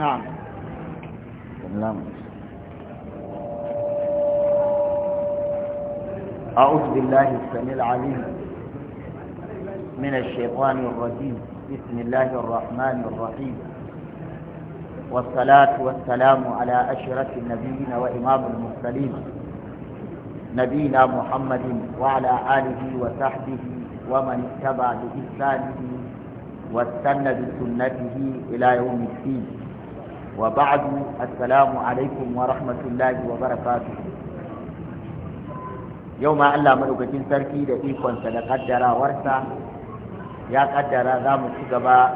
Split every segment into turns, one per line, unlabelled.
نعم نعم أعوذ بالله السميع العليم من الشيطان الرجيم بسم الله الرحمن الرحيم والصلاة والسلام على أشرف النبيين وإمام المرسلين نبينا محمد وعلى آله وصحبه ومن اتبع بإحسانه واستنى بسنته إلى يوم الدين وبعد السلام عليكم ورحمة الله وبركاته يوم الله ملوكتين سركي دقيقون سلقدر ورسا يا قدر ذام الشقباء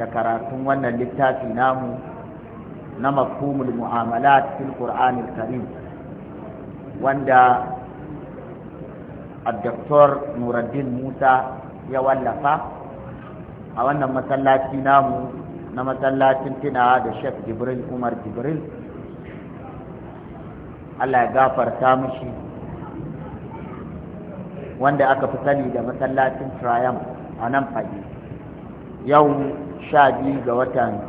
ذكراتم وانا اللتاتي نامو نمفهوم المعاملات في القرآن الكريم وانا الدكتور نور الدين موسى يولفا a wannan masallaci namu na masallacin tunawa da shek jibril umar jibril allah ya gafarta mushi wanda aka fi sani da masallacin triumph a nan fage yau sha biyu ga watan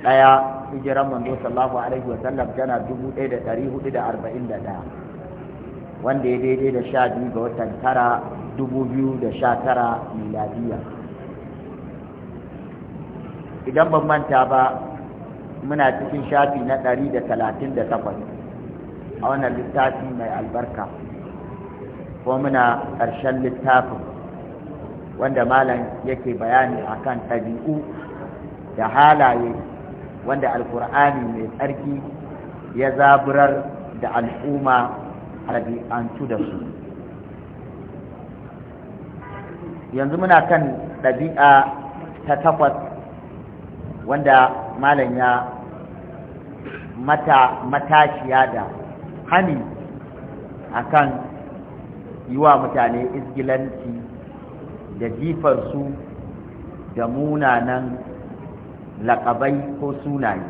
ɗaya hijiran manzo sallallahu alaihi wasallam tana dubu ɗaya da ɗari hudu da arba'in da ɗaya wanda ya daidai da sha biyu ga watan tara dubu biyu da sha tara miladiya idan ban manta ba muna cikin shafi na ɗari da talatin da takwas a wannan littafi mai albarka ko muna ƙarshen littafin wanda malam yake bayani akan ɗabi'u da halaye wanda alkur'ani mai tsarki ya zaburar da al'umma ɗabi'antu da su yanzu muna kan ɗabi'a ta takwas wanda malam ya mata matashiya da hani akan yi wa mutane izgilanci da su da munanan laƙabai ko sunaye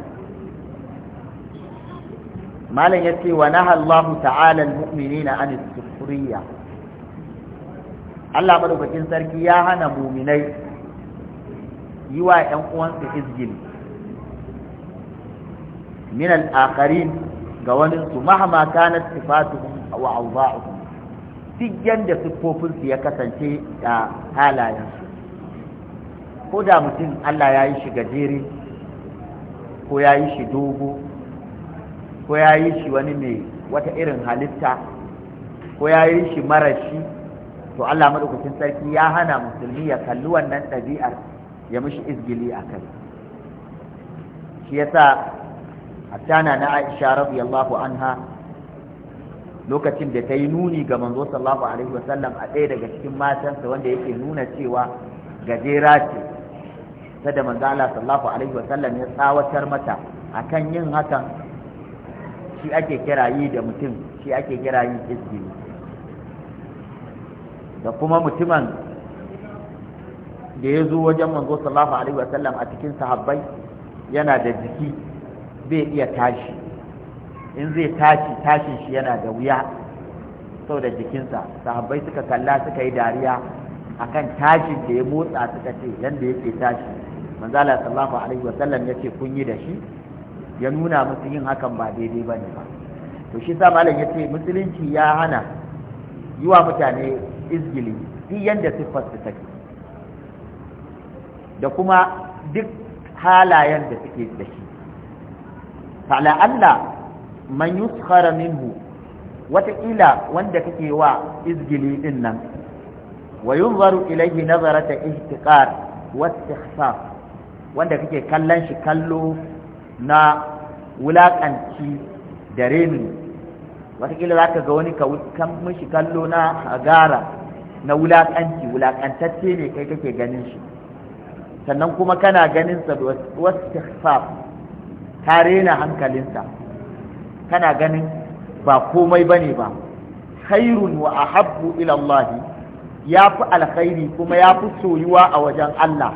malam ya ce wa naha ta'ala al-mu'minina an sufuriya Allah madaukakin sarki ya hana muminai yi wa ‘yan uwansu izgili min al'akarin ga wani su mahama na sifatuhum wa awza'uhum duk da siffofinsu ya kasance da halayensu ko da mutum Allah ya yi shi gajere ko ya yi shi dogo ko ya yi shi wani mai wata irin halitta ko ya yi shi marashi to Allah maɗaukacin sarki ya hana musulmi ya kalli wannan ɗabi'ar ya mishi izgili a kai shi a hattana na aisha radiyallahu anha lokacin da ta yi nuni ga manzo sallallahu alaihi wasallam a ɗaya daga cikin matansa wanda yake nuna cewa gajera ce ta da manzo Allah sallallahu alaihi wasallam ya tsawatar mata akan yin hakan shi ake kira yi da mutum shi ake kira yin izgili da kuma mutumin da ya zo wajen manzo sallallahu alaihi wasallam a cikin sahabbai yana da jiki bai iya tashi in zai tashi tashin shi yana da wuya sau saboda jikinsa sahabbai suka kalla suka yi dariya akan tashin da ya motsa suka ce yanda yake tashi manzala sallallahu alaihi wasallam ya ce kun yi da shi ya nuna musu yin hakan ba daidai ba ne ba to shi sa malam ya ce musulunci ya hana yi wa mutane izgili duk yadda siffar su take da kuma duk halayen da suke da shi fala'alla man yuskhara minhu wataƙila wanda kake wa izgili din nan wa yunzaru ilaihi nazarata ihtiqar wa wanda kake kallon shi kallo na wulakanci da reni wataƙila za ka ga wani ka shi kallo na hagara na wulakanci wulakantacce ne kai kake ganin shi sannan kuma kana ganin wasu wastighfar rena hankalinsa kana ganin ba komai ne ba khairun wa ahabbu ilallahi, ya fi alkhairi kuma ya fi soyuwa a wajen Allah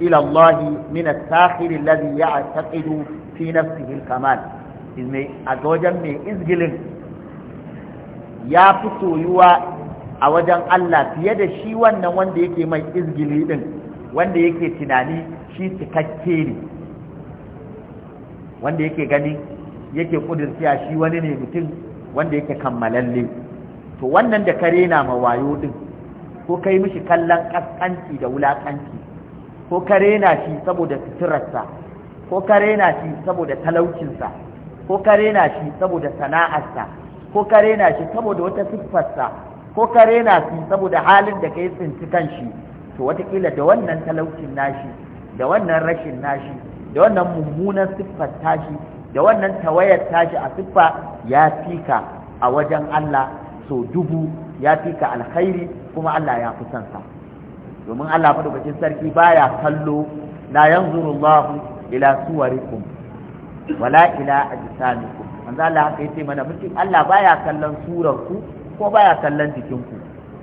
ila mina min as-sakhir alladhi ya'taqidu fi nafsihi al-kamal a wajen mai izgilin ya fi soyuwa a wajen Allah fiye da shi wannan wanda yake mai izgili din wanda yake tunani shi cikakke ne wanda yake gani yake siya shi wani ne mutum wanda yake kammalalle to wannan da kare na mawayo din ko kai mishi kallon kaskanci da wulakanci ko kare na shi saboda suturarsa ko kare na shi saboda talaucinsa ko kare na shi saboda sana'arsa ko kare na shi saboda wata siffarsa ko kare na shi saboda halin da kai tsinci kan shi to watakila da wannan talaucin nashi da wannan rashin nashi da wannan mummunan siffar tashi da wannan tawayar tashi a siffa ya fika a wajen Allah so dubu ya fika alkhairi kuma Allah ya fi son sa domin Allah madaukakin sarki baya kallo la yanzuru Allah ila suwarikum wala ila ajsamikum manzo Allah haka yace mana mutum Allah baya kallon surar ku ko baya kallon jikin ku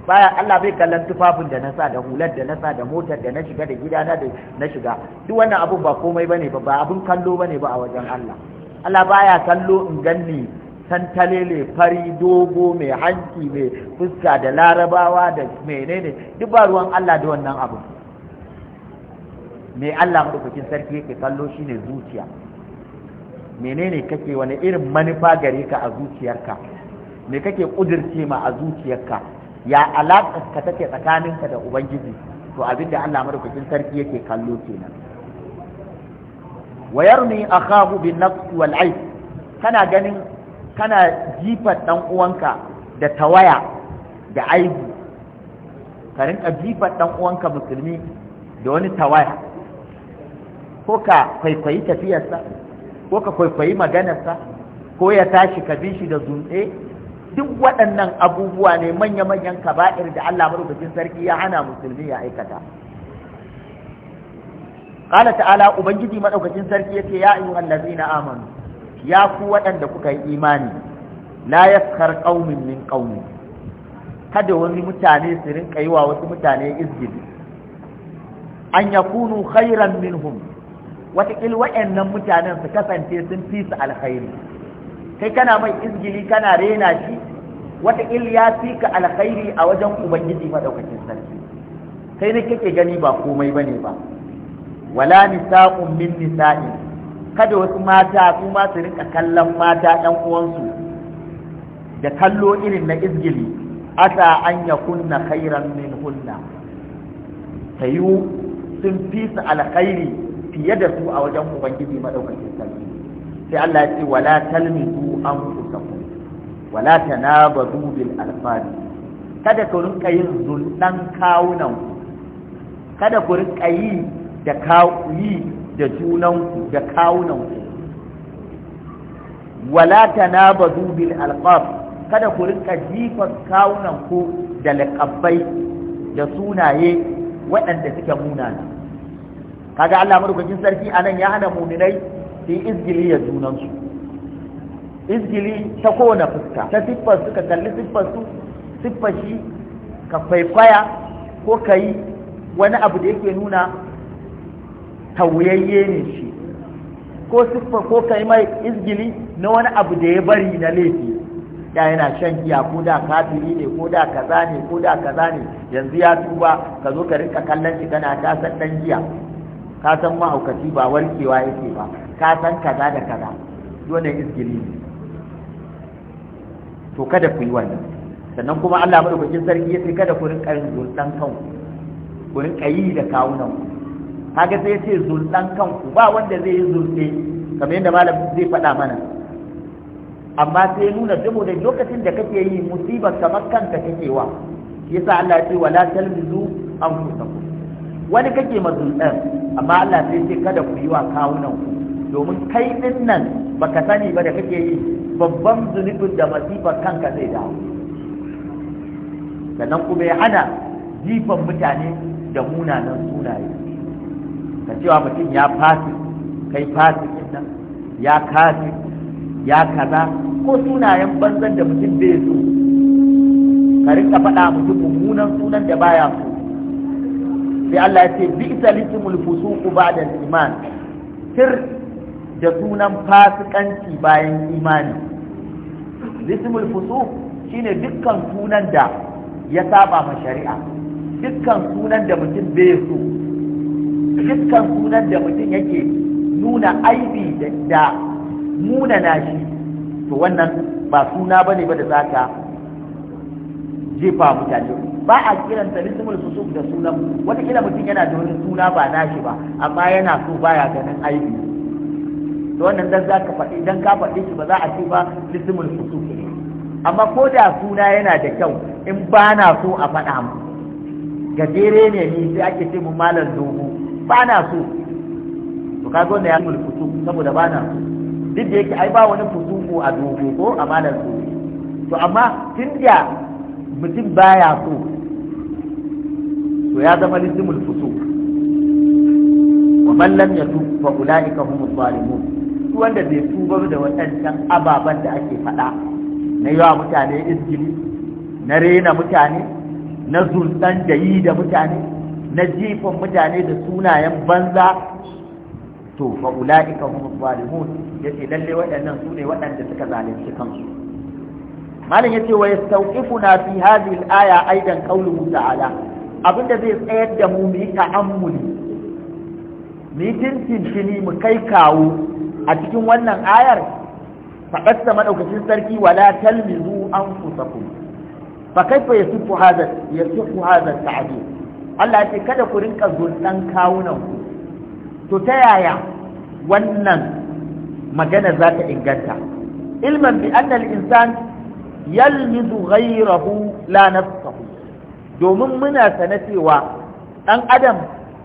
baya Allah bai kallon tufafin da na sa da hular da na sa da motar da na shiga da gidana da na shiga duk wannan abun ba komai bane ba ba abun kallo bane ba a wajen Allah Allah baya kallo in ganni santalele fari dogo mai hanki mai fuska da larabawa da menene duk ba ruwan Allah da wannan abu mai Allah madaukakin sarki yake kallo shine zuciya menene kake wani irin manufa gare ka a zuciyarka me kake kudirce ma a zuciyarka ya alaƙa ka take tsakaninka da ubangiji to abin da Allah madaukakin sarki yake kallo kenan wa yarmi akahu bin nafs wal aib kana ganin kana jifar dan uwanka da tawaya da aibu ka rinka jifar dan uwanka musulmi da wani tawaya ko ka kwaikwayi tafiyarsa ko ka kwaikwayi maganarsa ko ya tashi ka bi shi da zunɗe duk waɗannan abubuwa ne manya-manyan kaba'ir da Allah marubucin sarki ya hana musulmi ya aikata Ƙala ta'ala ubangiji maɗaukacin sarki ya ce ya ayyuhal na amanu ya ku waɗanda kuka yi imani la yaskhar ƙaunin min qaumi kada wani mutane su rinka yi wa wasu mutane izgili an kunu khairan minhum watakil wa'annan mutanen su kasance sun fi su alkhairi kai kana mai izgili kana rena shi wata ya fi ka alkhairi a wajen ubangiji madaukakin sarki Sai ne kake gani ba komai bane ba wala nisa'un min nisa'in kada wasu mata su ma su rinka kallon mata ɗan uwansu da kallo irin na izgili asa an yakunna khairan min hunna Sayu sun fi su alkhairi fiye da su a wajen ubangiji madaukakin sarki sai Allah ya ce wala talmizu anfusakum wala tanabadu bil alfani kada ku rinka yin zulɗan kawunan kada ku rinka yi da kawuyi da ku da kawunanku wala tanabadu bil alqab kada ku rinka jifan kawunanku da laƙabbai da sunaye waɗanda suke munana kaga Allah madaukakin sarki anan ya hana muminai su yi izgili ya junansu izgili ta kowane fuska ta siffar su ka kalli siffar su siffar shi ka faifaya ko ka yi wani abu da yake nuna tawuyayye ne shi ko siffar ko ka yi mai izgili na wani abu da ya bari na laifi da yana shan giya ko da kafiri ne ko da kaza ne ko da kaza ne yanzu ya tuba ka zo ka rinka kallon shi kana ta san dan giya ka san mahaukaci ba warkewa yake ba ka san kaza da kaza dole izgili ne to kada ku yi wannan sannan kuma Allah madaukakin sarki ya kada ku rinka yin zulɗan kanku ku rinka yi da kawunan ku kaga sai yace zulɗan kanku ba wanda zai yi zulɗe kamar yadda malam zai faɗa mana amma sai nuna saboda lokacin da kake yi musibar kamar kanka kake wa yasa Allah ya ce wala talmizu anfusakum wani kake mazulɗan amma Allah sai ce kada ku yi wa kawunan ku domin kai din nan baka sani ba da kake yi babban zunubin da masifar kanka zai dawo sannan kuma ya hana jifan mutane da munanan sunaye ka cewa mutum ya fasi kai fasi nan ya kasi ya kaza ko sunayen banzan da mutum bai so ka rinka faɗa mutum mummunan sunan da baya so sai Allah ya ce bi isa litimul ba ba'da iman sir da sunan fasikanci bayan imani lismul fusuq shine dukkan sunan da ya saba ma shari'a dukkan sunan da mutum bai so dukkan sunan da mutum yake nuna aibi da muna nashi to wannan ba suna bane ba da zaka jefa mutane ba a kiran ta lismul fusuq da sunan wata kila mutum yana da wani suna ba nashi ba amma yana so baya ganin aibi to wannan dan za ka faɗi dan ka faɗi shi ba za a ce ba lismul fusuki amma ko da suna yana da kyau in ba na so a faɗa mu gajere ne ni sai ake ce mu malar dogo ba na so to ka zo ya mul fusu saboda ba na so duk da yake ai ba wani fusuku a dogo ko a malar dogo to amma tun da mutum baya so to ya zama lismul fusuq wa man lam yatu fa ulaika humus zalimun wanda bai tuba da waɗancan ababen da ake faɗa na yawa mutane izgili na rena mutane na zulɗan da yi da mutane na jifin mutane da sunayen banza to fa ula'ika hum zalimun ce lalle waɗannan su ne waɗanda suka zalunci kansu malam yace wa yastawqifuna fi hadhihi al-aya aidan qawluhu ta'ala abinda zai tsayar da mu mu yi ta'ammuli mu yi tintintini mu kai kawo a cikin wannan ayar faɗasta maɗaukacin sarki wala talmizu an fusakum fa kaifa yasiffu hadha yasiffu hadha ta'dil Allah ya ce kada ku rinka zulɗan kawunan ku to ta yaya wannan magana za ta inganta ilman bi annal insan yalmizu ghayrahu la nafsahu domin muna sana cewa dan adam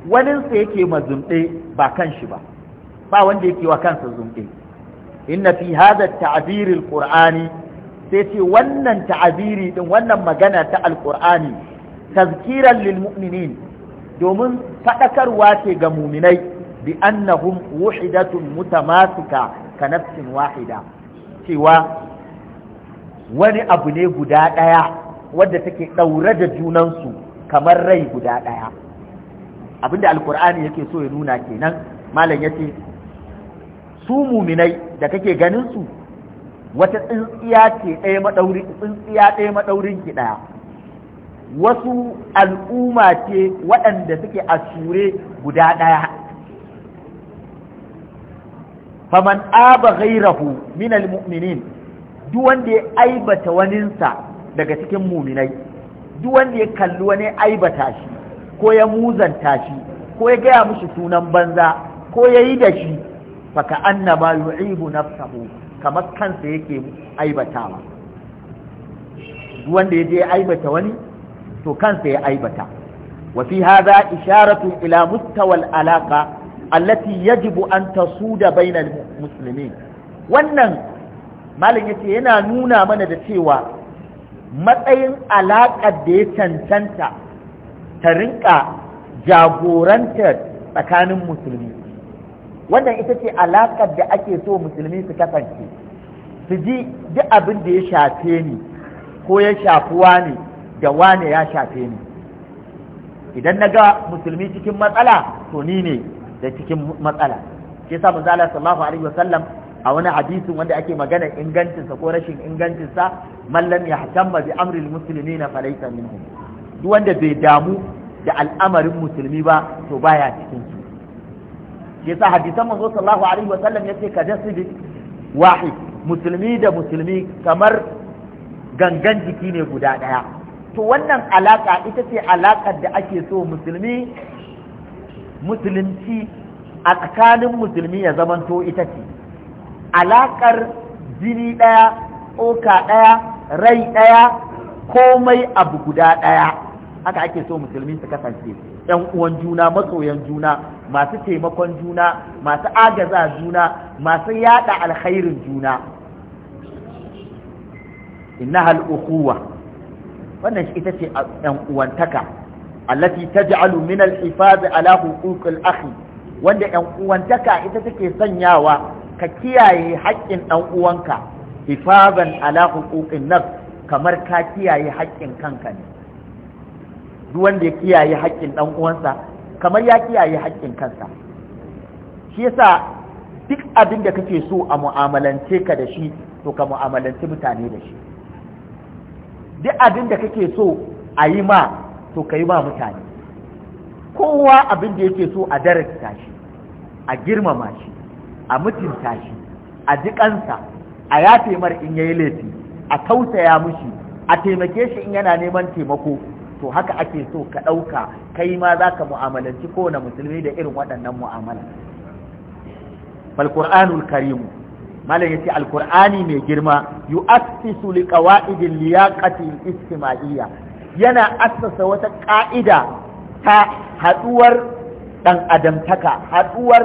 waninsa yake mazumɗe ba kan shi ba ba wanda yake wa kansa zunbe inna fi hadha ta'bir alqur'ani sai ce wannan ta'abiri din wannan magana ta alqur'ani tazkiran lil mu'minin domin fadakarwa ce ga muminai bi annahum wahidatun mutamasika ka nafsin wahida cewa wani abu ne guda daya wadda take daure da junansu kamar rai guda daya abinda alqur'ani yake so ya nuna kenan malam yace su muminai da kake ganin su wata tsintsiya ce ɗaya maɗauri tsintsiya ɗaya maɗaurin ki ɗaya wasu al'umma ce waɗanda suke a sure guda ɗaya faman aba ghairahu min almu'minin duk wanda ya aibata waninsa daga cikin muminai duk wanda ya kalli wani aibata shi ko ya muzanta shi ko ya gaya mushi sunan banza ko ya yi da shi faka annama yu'ibu nafsahu kamar kansa yake aibatawa wanda ya aibata wani to kansa ya aibata wa fi hadha isharatu ila mustawa al-alaqa allati yajibu an tasuda bainal muslimin wannan malam yace yana nuna mana da cewa matsayin alaƙar da ya cancanta ta rinka jagorantar tsakanin musulmi wannan ita ce alaƙar da ake so musulmi su kasance su ji duk abin da ya shafe ni ko ya shafi wani da wane ya shafe ni idan na ga musulmi cikin matsala to ni ne da cikin matsala ke sa manzo sallallahu alaihi wasallam a wani hadisin wanda ake magana ingancinsa ko rashin ingancinsa mallam ya hatamma bi amril na falaysa minhu duk wanda bai damu da al'amarin musulmi ba to baya cikin su ke sa hadisan manzo sallallahu alaihi wa sallam yace ka jasid wahid musulmi da musulmi kamar gangan jiki ne guda daya to wannan alaka ita ce alakar da ake so musulmi musulunci a tsakanin musulmi ya zamanto ita ce alakar jini daya oka daya rai daya komai abu guda daya haka ake so musulmi su kasance yan uwan juna masoyan juna masu taimakon juna masu agaza juna masu yada alkhairin juna innaha al-ukhuwa wannan ita ce uwantaka allati taj'alu min al-hifaz ala huquq al wanda 'yan uwantaka ita take sanyawa ka kiyaye haƙƙin ɗan uwanka hifazan ala huquqin nafs kamar ka kiyaye haƙƙin kanka ne duk wanda ya kiyaye haƙƙin ɗan uwansa kamar ya kiyaye haƙƙin kansa shi yasa duk abin da kake so a mu'amalance ka da shi to ka mu'amalanci mutane da shi duk abin da kake so a yi ma to ka yi ma mutane kowa abin da yake so a darasta shi a girmama shi a mutunta shi a jiƙansa a yafe mar in yayi laifi a tausaya mushi a taimake shi in yana neman taimako to haka ake so ka ɗauka kai ma za ka mu'amalanci kowane musulmi da irin waɗannan mu'amala falƙur'anul karimu malam ce alƙur'ani mai girma yu'assisu liqawa'idil liyaqati istima'iyya yana assasa wata ƙa'ida ta haɗuwar ɗan adamtaka haɗuwar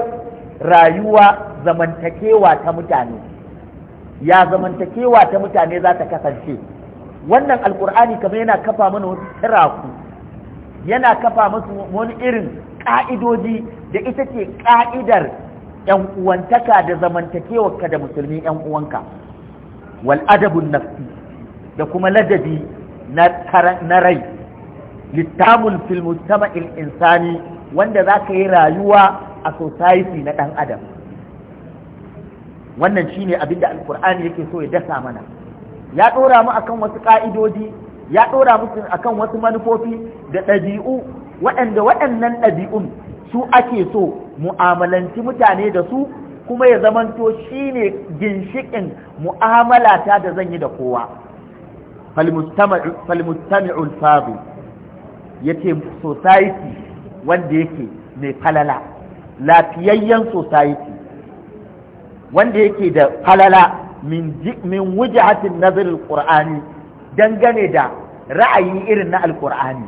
rayuwa zamantakewa ta mutane ya zamantakewa ta mutane za ta kasance wannan alkur'ani kamar yana kafa mana wasu tsiraku yana kafa masu wani irin ka'idoji da ita ce ka'idar yan uwantaka da zamantakewarka da musulmi yan uwanka wal adabun nafsi da kuma ladabi na rai littamun fil mujtama'il insani wanda za ka yi rayuwa a society na ɗan adam wannan shine abinda alkur'ani yake so ya dasa mana ya ɗora mu akan wasu ƙa'idodi ya ɗora mu akan wasu manufofi da ɗabi'u waɗanda waɗannan ɗabi'un su ake so mu'amalanci mutane da su kuma ya zamanto shi ne ginshiƙin mu'amalata da zan yi da kowa falmustami'ul fadu ya ce society wanda yake mai falala lafiyayyen society wanda yake da falala min min wujahatin nazar alqur'ani dangane da ra'ayi irin na alkur'ani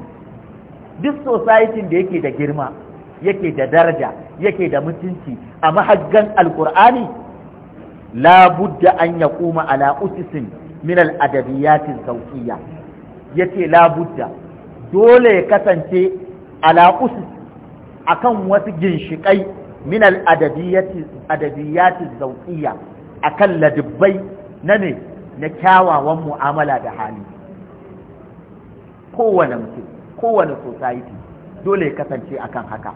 duk society da yake da girma yake da daraja yake da mutunci a mahaggan alkur'ani la an ya ala usisin min al-adabiyat az-zawqiyya yace la dole ya kasance ala usis akan wasu ginshiƙai min al-adabiyat adabiyat akan ladibbai na ne na kyawawan mu'amala da hali kowane mutum kowane society dole ya kasance akan haka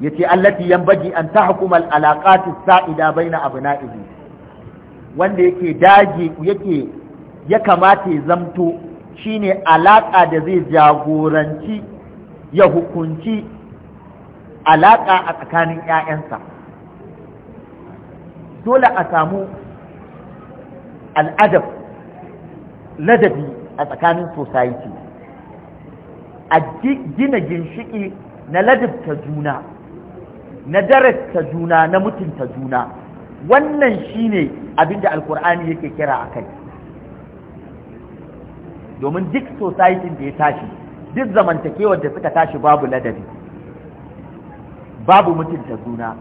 Ya ce yace allati baji an ta hukumar alaƙatu sa'ida baina abna'ihi wanda yake dage yake ya kamata ya zamto shine alaƙa da zai jagoranci ya hukunci alaƙa a tsakanin 'ya'yansa dole a samu al'adab ladabi a tsakanin society a gina ginshiki na ladabta juna na darasta juna na mutunta juna wannan shine abinda alkur'ani yake kira a kai domin duk society da ya tashi duk zamantakewar da suka tashi babu ladabi babu mutunta juna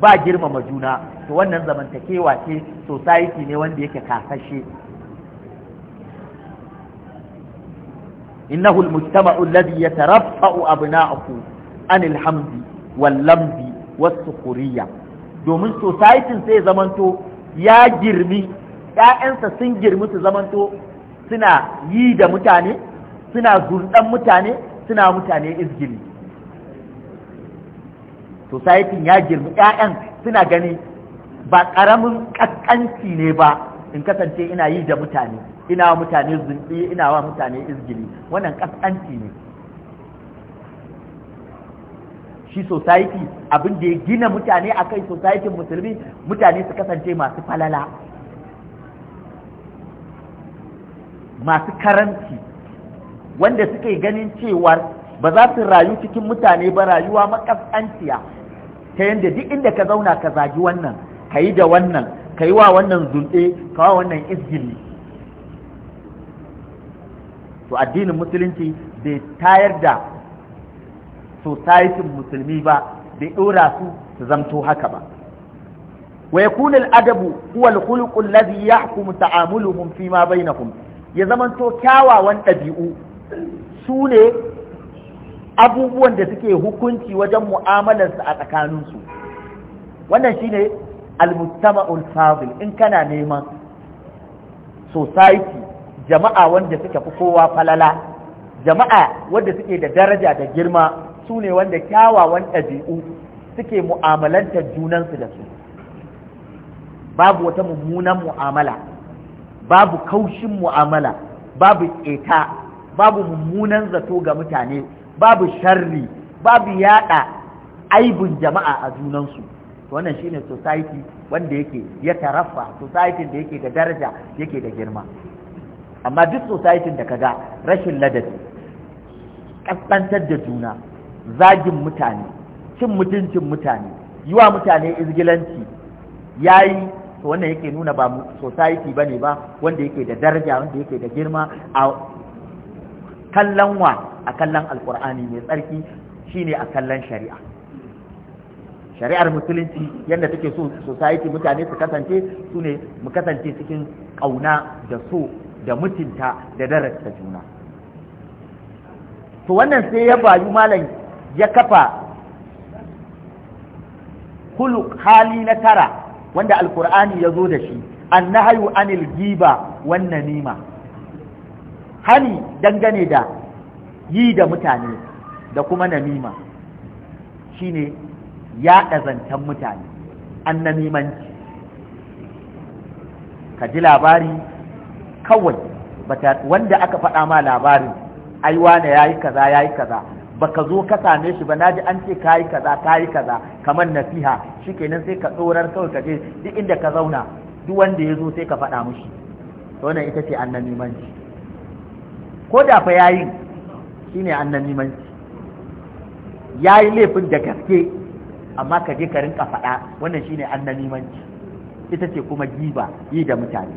ba girmama juna to wannan zamantakewa ce society ne wanda yake kasashe innahu almujtama'u alladhi yataraffa'u abna'ahu an alhamdi wallamdi wasu kuriyya. domin society sai zamanto ya girmi ƴaƴansa sun girmi su zamanto suna yi da mutane suna zurɗan mutane suna mutane izgili society ya girma ƴaƴan suna gani ba ƙaramin ƙasƙanci ne ba in kasance ina yi da mutane ina wa mutane zunɗi ina wa mutane izgili wannan ƙasƙanci ne shi society abin da ya gina mutane a kai society musulmi mutane su kasance masu falala masu karanci wanda suke ganin cewar ba za su rayu cikin mutane ba rayuwa makasanciya ta yanda duk inda ka zauna ka zagi wannan ka yi da wannan ka yi wa wannan zunɗe, ka wa wannan izgili to addinin musulunci bai tayar da society musulmi ba bai ɗora su su zamto haka ba wa yakuna al-adabu huwa al-khuluq alladhi yahkum ta'amuluhum fi ma bainahum ya zamanto kyawawan ɗabi'u su ne abubuwan da suke hukunci wajen mu'amalarsu a tsakaninsu wannan shine al-mustama'ul fadil in kana neman society jama'a wanda suke fi kowa falala jama'a wanda suke da daraja da girma su ne wanda kyawawan ɗabi'u suke mu'amalantar junansu da su babu wata mummunan mu'amala babu kaushin mu'amala babu eta babu mummunan zato ga mutane babu sharri babu yada aibun jama'a a junansu wannan shine society wanda yake ya tarafa society da yake da daraja yake da girma amma duk society da kaga rashin ladabi kaskantar da juna zagin mutane cin mutuncin mutane yiwa mutane izgilanci yayi to wannan yake nuna ba society bane ba wanda yake da daraja wanda yake da girma a kallon wa a kallon alkur'ani mai tsarki shine a kallon shari'a shari'ar musulunci yadda take so society mutane su kasance su ne mu kasance cikin ƙauna da so da mutunta da darasta juna to wannan sai ya bayu malam ya kafa kuluk hali na tara wanda alkur'ani ya zo da shi annahayu anil giba wannan nima. hani dangane da yi da mutane da kuma namima shine yaɗa ɗazantar mutane an namimanci ka ji labari kawai wanda aka faɗa ma labarin aiwa na ya yi kaza ya yi kaza baka zo ka same shi ba naji an ce ka kayi kaza kayi kaza kamar nasiha shikenan sai ka tsorar kawai ka je duk inda ka zauna duk wanda ya zo sai ka faɗa mushi wannan ita ce annabi manci ko da fa yayin shine annan shi yayi laifin da gaske amma ka je ka rinka faɗa wannan shine annan shi ita ce kuma giba yi da mutane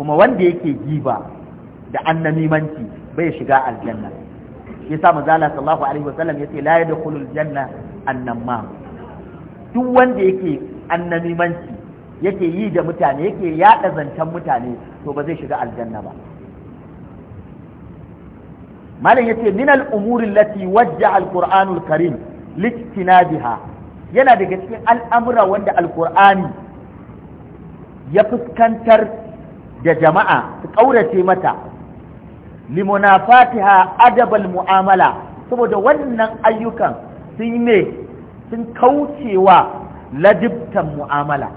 kuma wanda yake giba da shi bai shiga aljanna shi yasa manzala sallallahu alaihi wasallam yace la yadkhulul janna annama duk wanda yake shi yake yi da mutane yake yaɗa zancen mutane to ba zai shiga aljanna ba malam yace min al-umuri allati wajja al-qur'anul karim liktinabiha yana daga cikin al'amura wanda alkur'ani ya fuskantar da jama'a su kaurace mata limunafatiha adabal mu'amala saboda wannan ayyukan sun ne sun kaucewa ladibtan mu'amala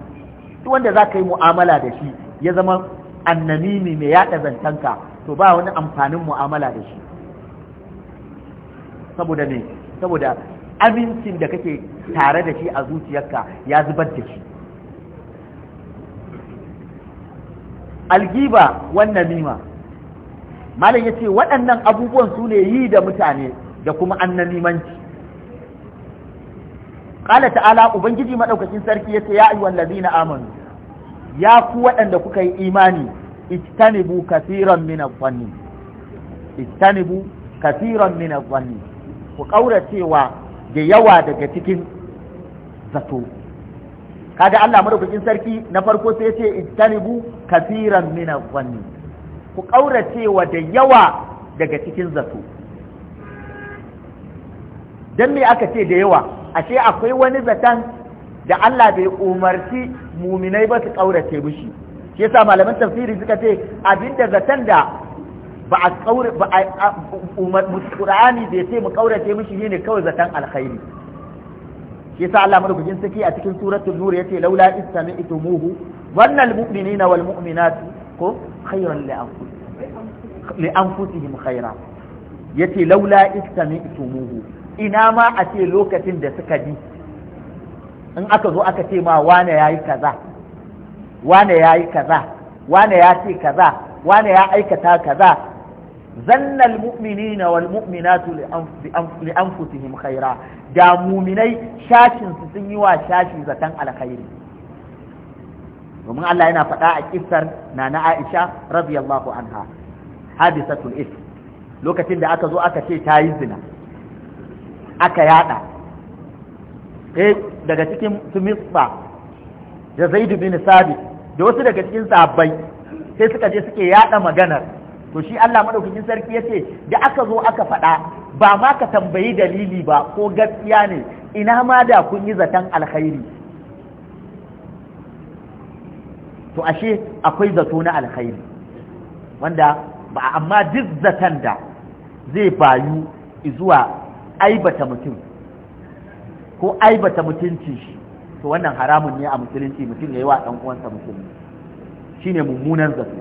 duk wanda za ka yi mu'amala da shi ya zama ne mai yaɗa zantanka to ba wani amfanin mu'amala da shi saboda ne saboda amincin da kake tare da shi a zuciyarka ya zubar da shi algiba wannan nima malam ya ce waɗannan abubuwan su ne yi da mutane da kuma annamimanci qala ta'ala ubangiji madaukakin sarki ya ce ya ayyuhal ladina amanu ya ku waɗanda kuka yi imani ijtanibu kaseeran min adh-dhanni ijtanibu kaseeran min mina gwanni ku ƙaura cewa da yawa daga cikin zato kaga Allah madaukakin sarki na farko sai ita ijtanibu kaseeran min adh-dhanni ku cewa da yawa daga cikin zato don me aka ce da yawa ashe akwai wani zaton da Allah bai umarci muminai ba su kaurace mishi shi yasa malaman tafsiri suka ce abinda zaton da ba a kaure ba a Qur'ani bai ce mu kaurace mishi shine kawai zaton alkhairi shi yasa Allah madaukakin saki a cikin suratul nur yace laula istami'tumuhu wannan almu'minina wal mu'minat ko khayran li anfusihim li anfusihim khayra yace laula istami'tumuhu ina ma a ce lokacin da suka bi in aka zo aka ce ma wane ya yi kaza wane ya yi kaza wane ya ce kaza wane ya aikata kaza zannal mu'minina wal mu'minatu li anfusihim khaira da muminai shashin su sun yi wa shashi zaton alkhairi domin Allah yana faɗa a kissar nana Aisha radiyallahu anha hadisatul ism lokacin da aka zo aka ce ta yi zina aka yada sai eh, daga cikin su da zaidu bin sabit da wasu daga cikin sabai sai suka je suke yada maganar to shi Allah madaukakin sarki yace da aka zo aka faɗa ba ma ka tambayi dalili ba ko gaskiya ne ina ma da kun yi zaton alkhairi to ashe akwai zato na alkhairi wanda ba amma duk zaton da zai bayu zuwa aibata mutum ko aibata mutuncin shi to wannan haramun ne a musulunci mutum ya yi wa ɗan uwansa shi ne mummunan zato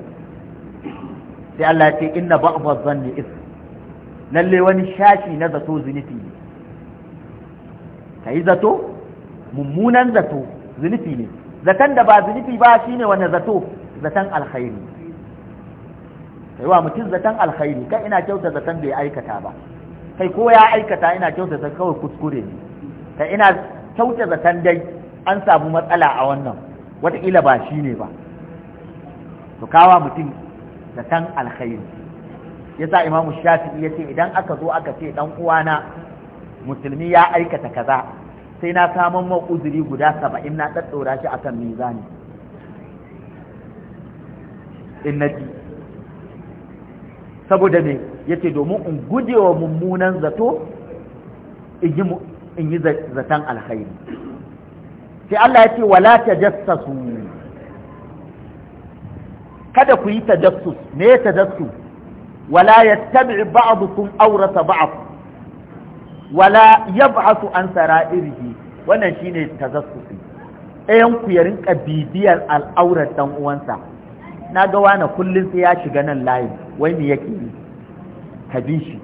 sai Allah ya ce inna zan zanni is lalle wani shashi na zato zunufi ne kai zato mummunan zato zunufi ne zaton da ba zunufi ba shine wani zato zaton alkhairi kai wa mutum zaton alkhairi kai ina kyauta zaton bai aikata ba kai ko ya aikata ina kyautata kawai kuskure ne ta ina kyauta zaton dai an samu matsala a wannan wataƙila ba shi ne ba to kawa mutum zaton alkhairi yasa imamu shafi'i ya ce idan aka zo aka ce dan uwana musulmi ya aikata kaza sai na samun ma uzuri guda saba'in na ɗaɗɗora shi akan mizani in saboda me yace domin in gujewa mummunan zato in yi zaton alkhairi sai Allah ya ce wala tajassasu kada ku yi tajassus me tajassus wala yattabi ba'dukum awrata ba'd wala yab'athu an sara'irihi wannan shine tajassusi ɗayan ku ya rinka bibiyar al'aurar dan uwansa na ga wani kullum sai ya shiga nan layin wai me yake yi ka bi shi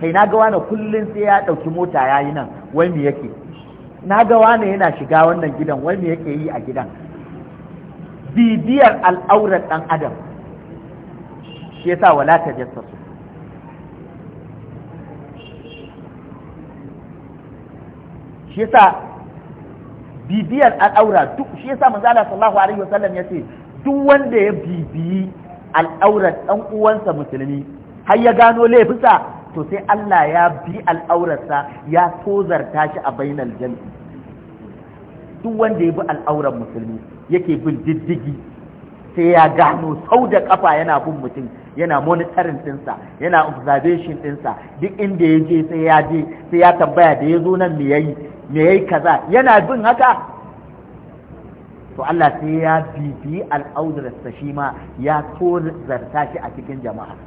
kai na ga wani kullum sai ya ɗauki mota ya yi nan wai me yake na ga wani yana shiga wannan gidan wai me yake yi a gidan bibiyar al'aurar ɗan adam shi yasa wala ta jassasu shi yasa bibiyar al'aura duk shi yasa manzo Allah sallallahu alaihi wasallam yace duk wanda ya bibiyi al'aurar ɗan uwansa musulmi har ya gano laifinsa to sai Allah ya bi al'aurarsa ya tozarta shi a bainal jami'i duk wanda ya bi al'aurar musulmi yake bin diddigi sai ya gano sau da kafa yana bin mutum yana monitorin ɗinsa yana observation ɗinsa duk inda ya je sai ya je sai ya tambaya da ya zo nan me yayi me yayi kaza yana bin haka to Allah sai ya bibi al'audarsa shi ma ya zarta shi a cikin jama'a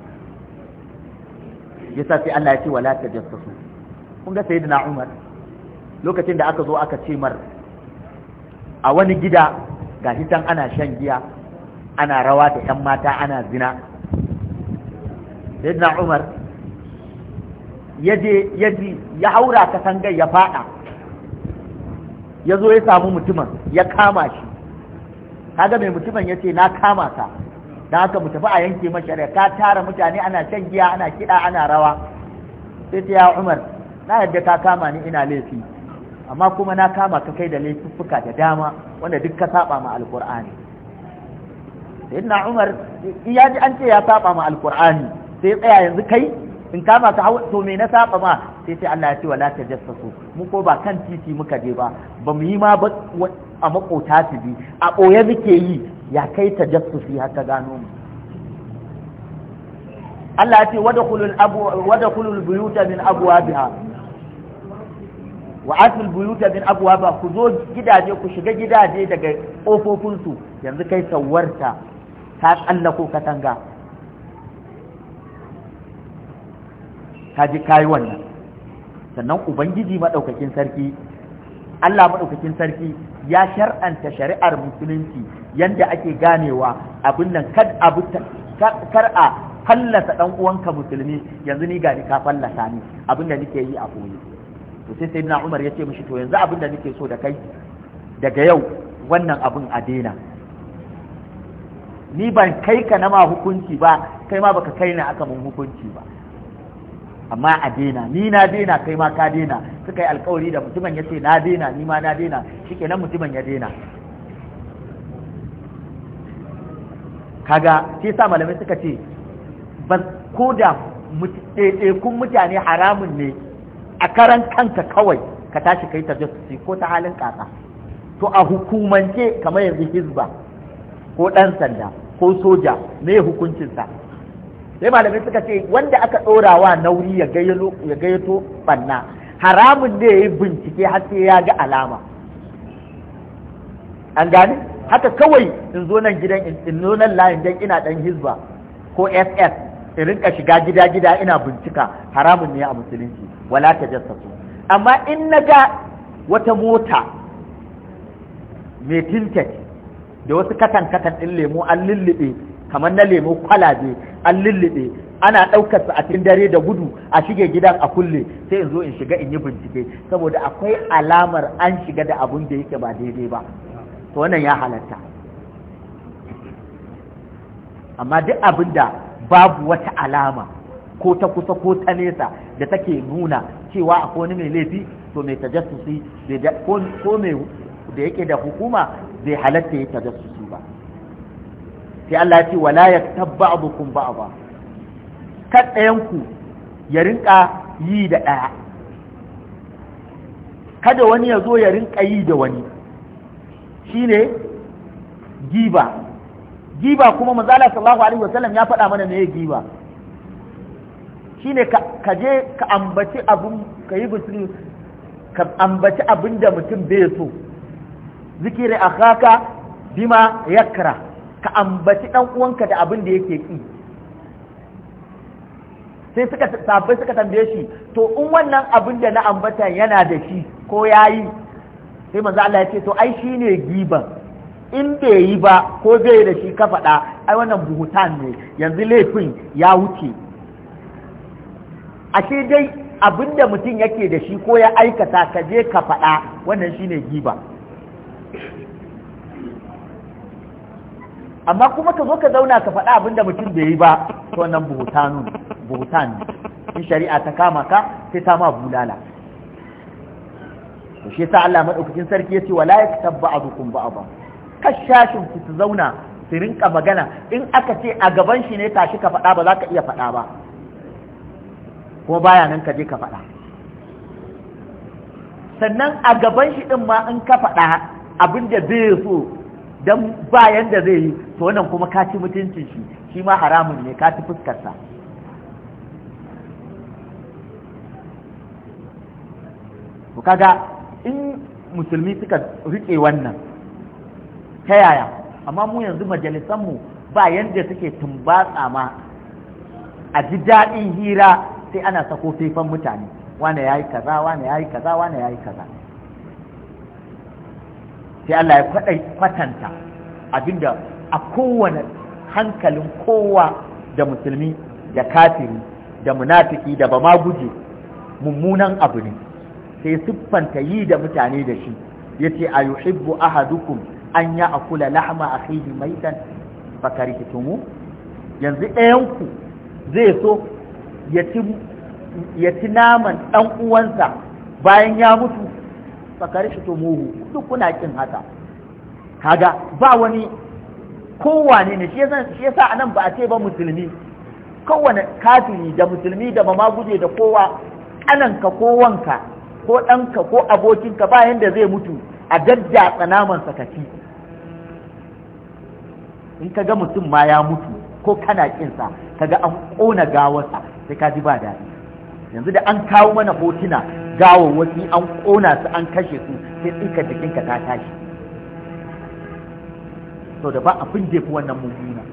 yasa sai Allah ya ce wala ta su. kun ga sayyidina Umar lokacin da aka zo aka ce mar a wani gida ga hitan ana shan giya ana rawa da ƴan mata ana zina sayyidina Umar yaje yaji ya haura katangar ya fada ya zo ya samu mutumin ya kama shi kaga mai mutumin ya ce na kama ta, da haka mu tafi a yanke mashari'a ka tara mutane ana shan giya ana kiɗa ana rawa sai ta ya umar na yadda ka kama ni ina laifi amma kuma na kama ka kai da laifuffuka da dama wanda duk ka saba ma alkur'ani na umar ya ji an ce ya saba ma alkur'ani sai tsaya yanzu kai in kama ka hawa to me na saba ma sai sai Allah ya ce wala tajassasu mu ko ba kan titi muka je ba ba mu yi ma ba a makota su bi a boye muke yi ya kai tajassusi haka gano mu Allah ya ce wadkhulul abu wadkhulul buyuta min abwabiha wa asul buyuta min abwaba ku zo gidaje ku shiga gidaje daga kofofin su yanzu kai sawarta ta tsallako katanga ka ji kayi wannan sannan ubangiji madaukakin sarki Allah maɗaukakin sarki ya shar'anta shari'ar musulunci yanda ake ganewa abin nan kar a fallasa ɗan uwanka musulmi yanzu ni gani ka fallasa ni abin da nake yi a koyi to sai sayyidina Umar ya ce mishi to yanzu abin da nake so da kai daga yau wannan abin a daina ni ban kai ka na ma hukunci ba kai ma baka kai na aka mun hukunci ba amma a dena ni na dena kai ma ka daina suka yi alkawari da mutumin ya ce na dena ni ma na daina shikenan mutumin ya dena kaga shi sa malamai suka ce ba ko da ɗaiɗaikun mutane haramun ne a karan kanka kawai ka tashi kai ta jasusi ko ta halin kasa to a hukumance kamar yanzu hizba ko ɗan sanda ko soja me hukuncinsa sai malamai suka ce wanda aka ɗora wa nauyi ya gayyato banna haramun ne ya yi bincike har sai ya ga alama an gani haka kawai in zo nan gidan in zo nan layin dan ina dan hizba ko ss in rinka shiga gida gida ina bincika haramun ne a musulunci wala ta jassasu amma in na ga wata mota mai tinket da wasu katan katan ɗin lemo an lullube kamar na lemo kwalabe an lullube ana ɗaukar sa a cikin dare da gudu a shige gidan a kulle sai in zo in shiga in yi bincike saboda akwai alamar an shiga da abun da yake ba daidai ba to wannan ya halatta amma duk abin da babu wata alama ko ta kusa ko ta nesa da take nuna cewa a wani mai laifi to mai tajassusi ko mai da yake da hukuma zai halatta ya tajassusi sai Allah ya ce wala yaktab ba'dukum ba'dha kad ɗayan ku ya rinka yi da ɗaya kada wani ya zo ya rinka yi da wani shine giba giba kuma manzala sallallahu alaihi wasallam ya faɗa mana ne giba shine ka je ka ambaci abin ka yi bisiri ka ambaci abin da mutum bai so zikiri akhaka bima yakra ka ambaci dan uwanka da abin da yake ki sai suka sabai suka tambaye shi to in wannan abin da na ambata yana da shi ko yayi sai manzo Allah ya ce to ai shine giban in bai yi ba ko zai da shi ka faɗa ai wannan buhutan ne yanzu laifin ya wuce ashe dai abin da mutum yake da shi ko ya aikata ka je ka faɗa wannan shine giba amma kuma ka zo ka zauna ka faɗa abin da mutum bai yi ba to nan buhutanu buhutan in shari'a ta kama ka sai ta ma bulala to shi yasa Allah madaukakin sarki yace wala yaktab ba'dukum ba'dha kashashin ku su zauna su rinka magana in aka ce a gaban shi ne tashi ka faɗa ba za ka iya faɗa ba kuma baya nan ka je ka faɗa sannan a gaban shi din ma in ka faɗa abin da bai so dan ba yanda zai yi to wannan kuma ka ci mutuncin shi shi ma haramun ne ka ci fuskarsa to kaga in musulmi suka riƙe wannan ta yaya amma mu yanzu mu ba yanda suke tumbatsa ma a ji daɗin hira sai ana sako faifan mutane wane ya yi kaza wane ya yi kaza wane ya yi kaza sai Allah ya kwatanta abinda a kowane hankalin kowa da musulmi da kafiri da munafiki da bama guje mummunan abu ne sai siffanta yi da mutane da shi yace a yuhibbu ahadukum an ya akula lahma akhihi maitan fakarihtumu yanzu ɗayanku zai so ya ci naman ɗan uwansa bayan ya mutu fakarhtumuhu duk kuna kin haka kaga ba wani kowane ne shi yasa anan ba a ce ba musulmi kowane kafiri da musulmi da ma guje da kowa kananka kowanka, ko ɗanka ko abokinka ba yanda zai mutu a gadda tsanaman sakaci in ka ga mutum ma ya mutu ko kana kinsa ka ga an ƙona gawarsa sai ka ji ba daɗi yanzu da an kawo mana hotuna wasu an kona su an kashe su sai tsikar jikinka ta tashi to da ba abin da fi wannan mummuna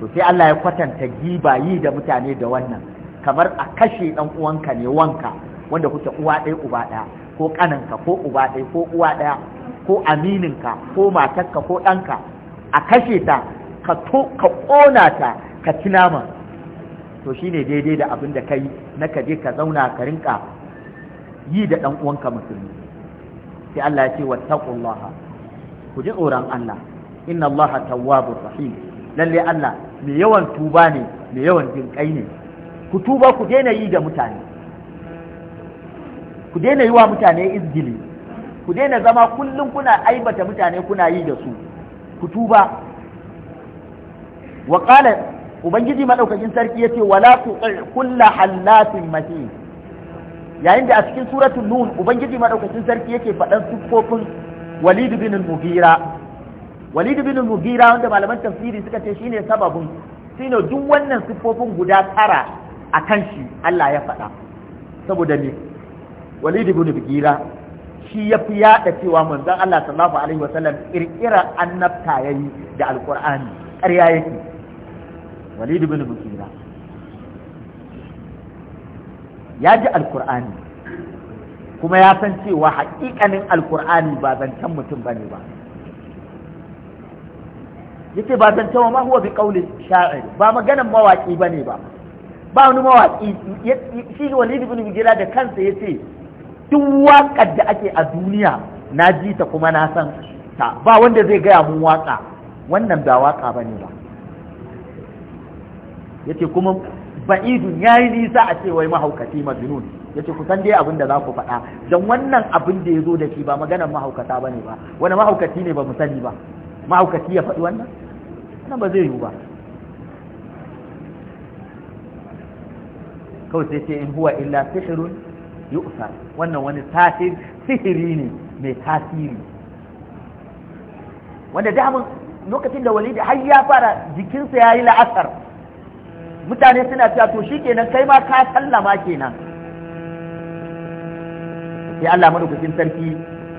to sai Allah ya kwatanta giba yi da mutane da wannan kamar a kashe ɗan uwanka ne wanka wanda kuke uwa ɗaya uba ɗaya ko ƙaninka ko uba ɗaya ko uwa ɗaya ko amininka ko matarka ko ɗanka a kashe ta ka ƙona ta ka ci nama to shine daidai da abin da kai na ka je ka zauna ka rinka yi da ɗan uwanka musulmi sai Allah ya ce taqullaha ku ji tsoron Allah inna Allah tawwabur rahim lalle Allah mai yawan tuba ne mai yawan jinkai ne ku tuba ku daina yi da mutane ku daina yi wa mutane izgili ku daina zama kullum kuna aibata mutane kuna yi da su ku tuba wa qala ubangiji madaukakin sarki yace wala tu kullu hallatin mahin yayin da a cikin suratul nun ubangiji madaukakin sarki yake faɗan siffofin walid bin al-mughira walid bin al-mughira wanda malaman tafsiri suka ce shine sababin shine duk wannan siffofin guda tara akan shi Allah ya faɗa saboda me walid bin al-mughira shi ya fi yaɗa cewa manzon Allah sallallahu alaihi wasallam kirkirar annabta yayi da alqur'ani ƙarya yake walid bin al-mughira ya ji alkur'ani kuma ya san cewa haƙiƙanin alkur'ani ba zancen mutum bane ba ya ce ba zancen ma huwa bi qawli sha'ir ba maganan mawaki bane ba ba wani mawaki shi ne Walid ibn Mughira da kansa ya ce duk waƙar da ake a duniya na ji ta kuma na san ta ba wanda zai gaya mun waƙa wannan ba waƙa bane ba ya ce kuma ba'idun yi nisa a cewa mahaukaci mazinun ya ce ku san dai abin da za ku faɗa don wannan abin da zo da shi ba maganar mahaukata ba ne ba wani mahaukaci ne ba mu sani ba mahaukaci ya faɗi wannan nan ba zai yiwu ba kawai sai ce in huwa illa sihirun yu'sar wannan wani tasir sihiri ne mai tasiri wanda damun lokacin da walidi har ya fara jikinsa ya yi la'asar mutane suna cewa to shi kenan kai ma ka sallama kenan sai Allah madaukakin sarki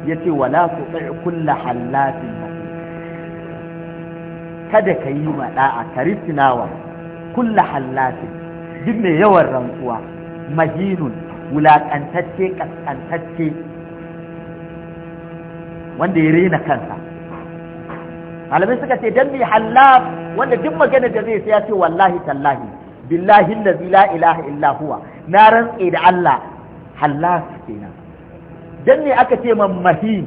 ya ce wala tuti kullu hallatin kada ka yi ma da'a karistinawa kullu hallafin. duk mai yawan rantsuwa mahinun wulakantacce kaskantacce wanda ya rena kansa malamai suka ce dan mai hallaf wanda duk magana da zai sai ya ce wallahi tallahi billahi allazi la ilaha illa huwa na rantse da Allah hallas kenan dan ne aka ce man mahin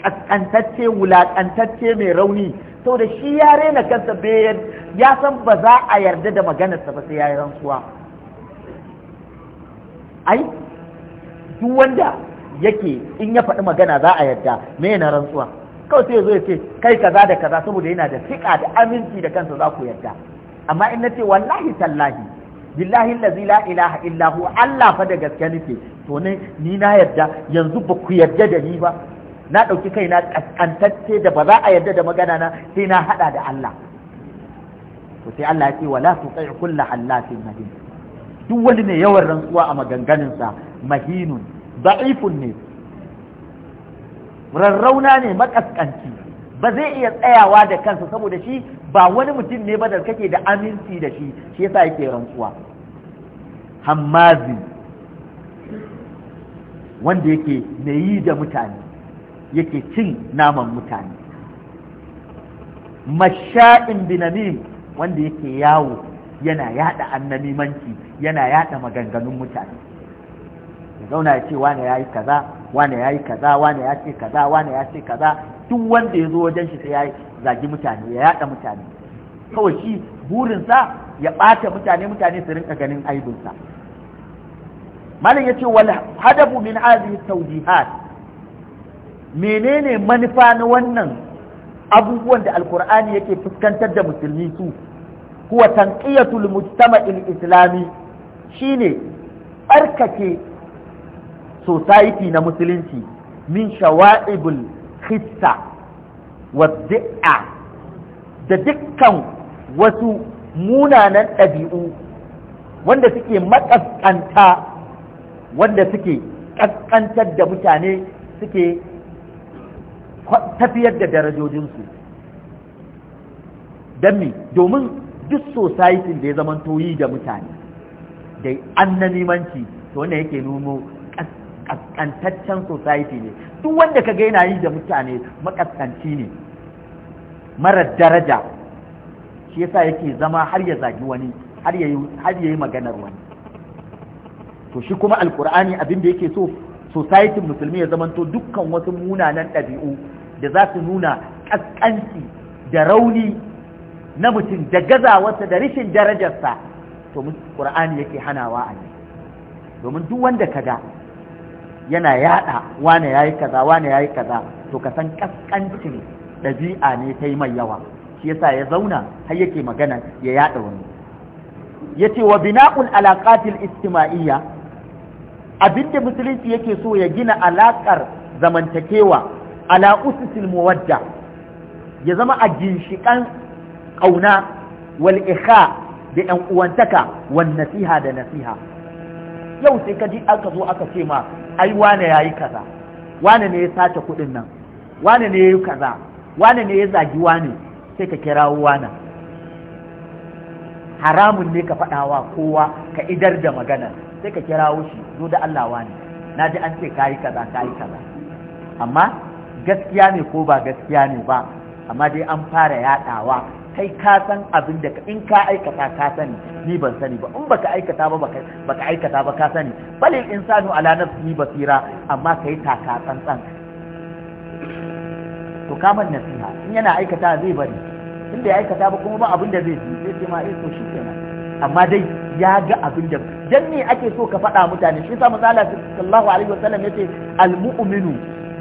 kaskantacce wulakantacce mai rauni da shi ya rena kansa bayan ya san ba za a yarda da maganarsa ba sai ya yi rantsuwa ai duk wanda yake in ya faɗi magana za a yarda me na rantsuwa kawai sai ya zo ya ce kai kaza da kaza saboda yana da siƙa da aminci da kansa za ku yarda amma in nace wallahi tallahi billahi allazi la ilaha illa hu Allah fa da gaske nake to ne ni na yarda yanzu ba ku yarda da ni ba na ɗauki kaina kaskantacce da ba za a yarda da magana na sai na hada da Allah to sai Allah ya ce wala tuqi kullu hallafin mahin duk wani ne yawan rantsuwa a maganganunsa mahinun da'ifun ne rarrauna ne makaskanci ba zai iya tsayawa da kansa saboda shi ba wani mutum ne ba da kake da aminci da shi shi yasa yake rantsuwa hammazi wanda yake nayi da mutane yake cin naman mutane masha'in binamim wanda yake yawo yana yada annamimanci yana yada maganganun mutane ya zauna ya ce wane ya yi kaza wane ya yi kaza wane ya ce kaza wane ya ce kaza duk wanda ya zo wajen shi sai ya zagi mutane ya yada mutane kawai shi burinsa ya ɓata mutane mutane su rinka ganin aibinsa malam ya ce wal hadabu min hadhihi tawjihat menene manufa na wannan abubuwan da alkur'ani yake fuskantar da musulmi su kuwa tanqiyatul mujtama'il islami shine barkake society na musulunci min shawa'ibul hissa wa zi'a da dukkan wasu munanan ɗabi'u wanda suke makaskanta wanda suke kaskantar da mutane suke tafiyar da darajojinsu don me domin duk society da ya zama toyi da mutane da an na nimanci to wanda yake nuno Ƙasƙantaccen society ne duk wanda ka yana yi da mutane makaskanci ne mara daraja shi yasa yake zama har ya zagi wani har ya yi maganar wani to shi kuma alkur'ani abin da yake so society musulmi ya zamanto dukkan wasu munanan ɗabi'u da za su nuna kaskanci da rauni na mutum da gazawarsa da rishin darajarsa to ƙur'ani yake hanawa a ne domin duk wanda ka ga yana yada wane yayi kaza wane yayi kaza to ka san kaskancin ne ta yi mai yawa shi yasa ya zauna har yake magana ya yada wani ce wa bina'ul alaqatil istima'iyya abinda musulunci yake so ya gina alaƙar zamantakewa ala ususil muwadda ya zama a ginshiƙan ƙauna wal ikha da yan uwantaka wan nasiha da nasiha yau sai ka ji aka zo aka ce ma ai wane ya yi kaza wane ne ya sace kuɗin nan wane ne ya yi kaza wane ne ya zagi wane sai ka kirawo wane haramun ne ka faɗawa kowa ka idar da magana sai ka kirawo shi zo da Allah wane na ji an ce ka yi kaza ka yi kaza amma gaskiya ne ko ba gaskiya ne ba amma dai an fara yaɗawa kai ka san abin da in ka aikata ka sani ni ban sani ba in baka aikata ba baka aikata ba ka sani bal insanu ala nafsihi basira amma kai taka tsantsan to kaman nasiha in yana aikata zai bari in da ya aikata ba kuma ba abin da zai ji sai ce ma eh to kenan amma dai ya ga abin da dan ne ake so ka faɗa mutane shi sa misala sallallahu alaihi wasallam yace al mu'minu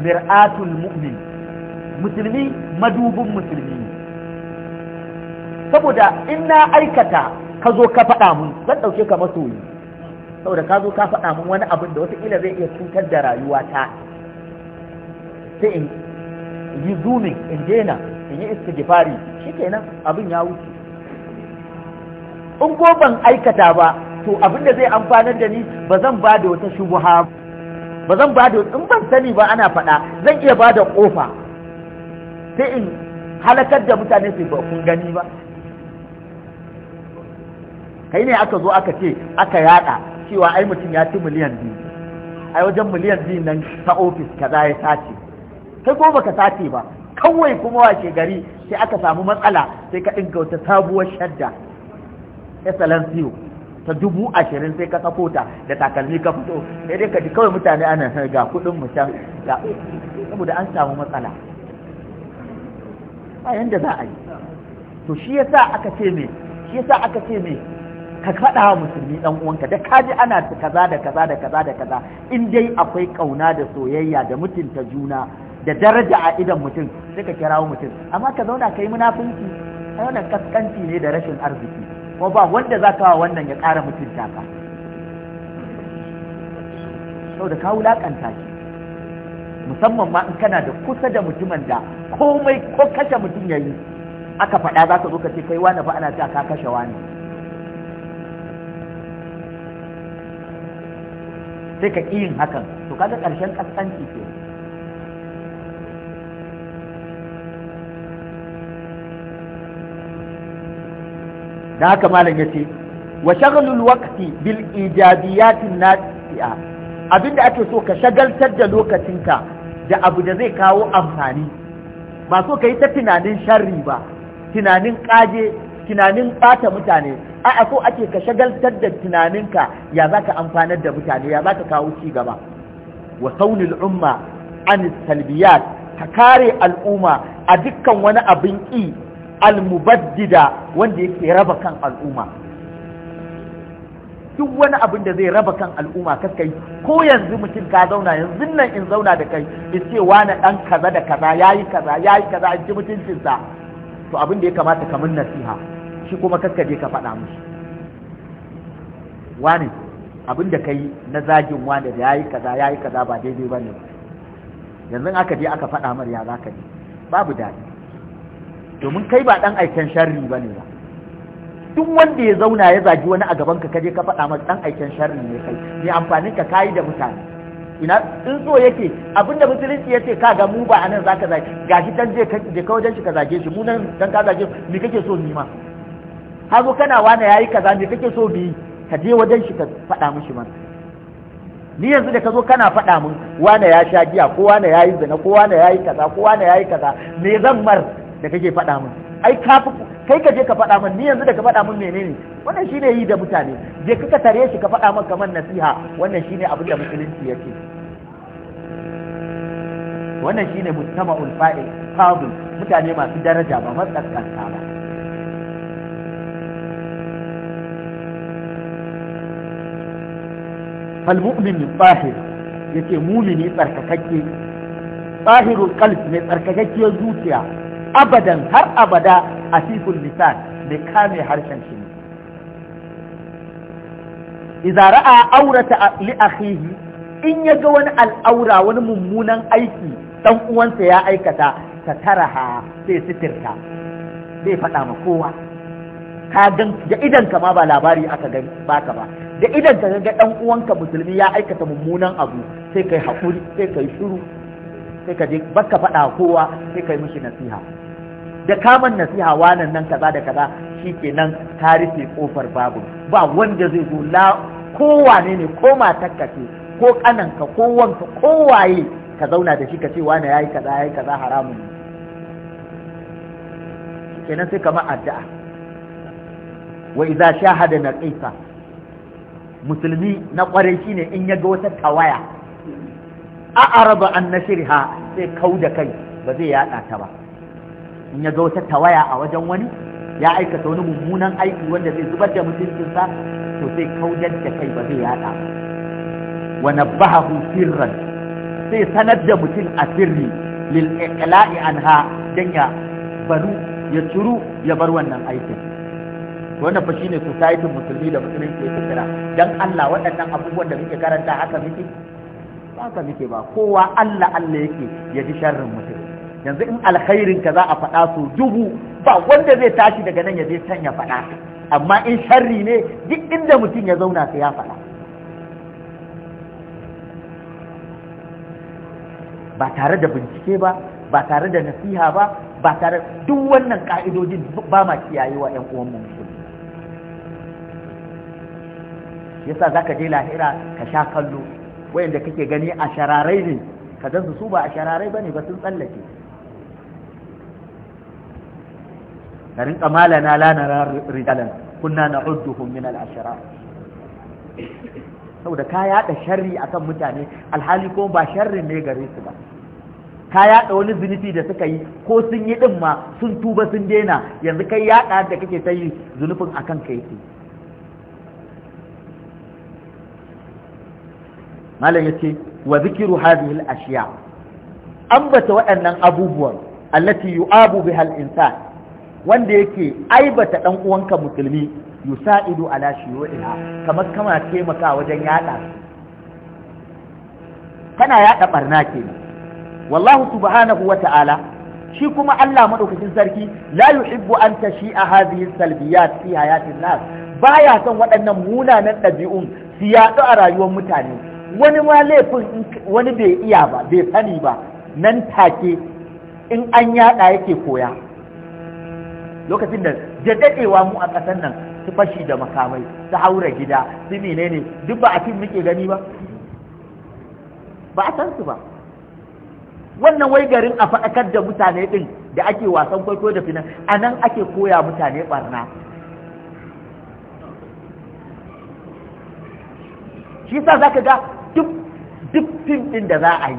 mir'atul mu'min musulmi madubin musulmi saboda in na aikata ka zo ka faɗa mun zan ɗauke ka masoyi saboda ka zo ka faɗa mun wani abin da wataƙila zai iya cutar da rayuwata sai in yi zumin in dena in yi ke nan abin ya wuce in ko ban aikata ba to abin da zai amfanar da ni ba zan ba da wata shubuha ba zan ba da in ban sani ba ana faɗa zan iya ba da ƙofa sai in halakar da mutane su ba kun gani ba kai ne aka zo aka ce aka yada cewa ai mutum ya ci miliyan biyu ai wajen miliyan biyu nan ta ofis kaza ya sace kai ko baka sace ba kawai kuma wa gari sai aka samu matsala sai ka dinka wata sabuwar shadda excellency ta dubu ashirin sai ka sako ta da takalmi ka fito sai dai ka ji kawai mutane ana ga kudin mu can ga saboda an samu matsala
ba yanda za a yi
to shi yasa aka ce me shi yasa aka ce me ka faɗa wa musulmi ɗan uwanka da ka ji ana kaza da kaza da kaza da kaza in dai akwai ƙauna da soyayya da mutunta juna da daraja a idan mutum sai ka kirawo mutum amma ka zauna ka yi munafunci a wannan kaskanci ne da rashin arziki ko ba wanda za ka wa wannan ya ƙara mutunta ka saboda ka wulaƙanta shi musamman ma in kana da kusa da mutumin da komai ko kashe mutum ya yi aka faɗa za ka zo ka ce kai wani ba ana ta ka kashe wani sai ka yin hakan to kada ƙarshen kaskanci ke da haka malam ya ce wa shagalul waqti bil ijabiyatin nasi'a abinda ake so ka shagaltar da lokacinka da abu da zai kawo amfani ba so ka yi ta tunanin sharri ba tunanin kaje tunanin ɓata mutane a ko ake ka shagaltar da tunaninka ya za ka amfanar da mutane ya za ka kawo ci gaba wa saunil umma an salbiyat ka kare al'umma a dukkan wani abin ƙi almubaddida wanda yake raba kan al'umma duk wani abin da zai raba kan al'umma ka ko yanzu mutum ka zauna yanzu nan in zauna da kai in ce wani dan kaza da kaza yayi kaza yayi kaza in ji mutuncinsa to abin da ya kamata ka nasiha shi kuma kakkaje ka faɗa musu wani abin da ka yi na zagin wani da ya yi kaza ya yi kaza ba daidai ba ne yanzu aka je aka faɗa mar ya za ka ne babu daɗi domin kai ba ɗan aikin sharri ba ne ba duk wanda ya zauna ya zagi wani a gaban ka kaje ka faɗa masa ɗan aikin sharri ne kai ne amfanin ka kayi da mutane ina in so yake abinda musulunci yace ka ga mu ba anan zaka zagi gashi dan je ka je ka wajen shi ka zage shi mu nan dan ka zage me kake so ni ma ka kana kana wani yayi kaza ne kake so bi ka je wajen shi ka faɗa mishi man ni yanzu da ka zo kana faɗa min wani ya sha giya ko wani yayi zina ko wani yayi kaza ko wani yayi kaza me zan mar da kake faɗa min ai ka kai ka je ka faɗa min ni yanzu da ka faɗa min menene wannan shine yi da mutane je ka tare shi ka faɗa min kamar nasiha wannan shine abin da musulunci yake wannan shine mujtama'ul fa'il fadil mutane masu daraja ba matsakkanta ba falmu'min tsahir yace mumini tsarkakakke tsahirul qalb mai tsarkakakkiyar zuciya abadan har abada a asiful lisan mai kame harshen shi izara a aurata li akhihi in ga wani al'aura wani mummunan aiki dan uwansa ya aikata ta taraha sai sitirta zai faɗa ma kowa ka gan da idan ka ma ba labari aka gani baka ba da idan ka ga dan uwanka musulmi ya aikata mummunan abu sai kai hakuri sai kai shiru sai ka je baka faɗa kowa sai kai mishi nasiha da kaman nasiha wannan nan kaza da kaza shikenan ka rufe kofar babu ba wanda zai zo la kowane ne ko matarka ce ko kananka ko wanka ko waye ka zauna da shi ka ce wani yayi kaza yayi kaza haramun ne kenan sai kamar addu'a wa idza shahada naqisa musulmi na kwarai shine in ya ga wata tawaya a araba an nashirha sai kau da kai ba zai yada ta ba in ya ga wata tawaya a wajen wani ya aikata wani mummunan aiki wanda zai zubar da mutuncinsa to sai kaudar da kai ba zai yada wa nabbahu sirran sai sanar da mutum a sirri lil iqla'i anha dan ya baru ya turu ya bar wannan aikin wannan fa shine tun musulmi da musulunci ya tsira dan Allah waɗannan abubuwan da muke karanta haka muke ba haka muke ba kowa Allah Allah yake ya ji sharrin mutum yanzu in alkhairin ka za a faɗa su dubu ba wanda zai tashi daga nan ya je can ya faɗa amma in sharri ne duk inda mutum ya zauna sai ya faɗa ba tare da bincike ba ba tare da nasiha ba ba tare duk wannan ka'idojin ba ma kiyayewa 'yan mu. yasa zaka je lahira ka sha kallo wayanda kake gani a shararai ne ka dan su ba a shararai bane ba sun tsallake garin kamala na la ridalan rijalan kunna na'udduhum min al ashara saboda ka yada sharri akan mutane alhali ko ba sharrin ne gare su ba ka yada wani zunubi da suka yi ko sun yi din ma sun tuba sun daina yanzu kai yaɗa da kake ta yi zunubin akan ka yake malam yace wa zikiru hadhihi al-ashiya ambata waɗannan abubuwan allati yu'abu biha al-insan wanda yake aibata dan uwanka musulmi yusa'idu ala shuyu'iha kamar kama taimaka wajen yada kana yada barna wallahu subhanahu wa ta'ala shi kuma Allah madaukakin sarki la yuhibbu an tashi'a hadhihi salbiyat fi hayatin nas baya son waɗannan munanan ɗabi'un su yaɗu a rayuwar mutane wani ma laifin wani bai iya ba bai sani ba nan take in an yada yake koya lokacin da jaddadewa mu a ƙasar nan su fashi da makamai su haura gida su menene duk ba a cin muke gani ba ba a san su ba wannan wai garin a faɗakar da mutane ɗin da ake wasan kwaikwayo da finan a nan ake koya mutane ɓarna shi sa za ka ga duk fim ɗin da za a yi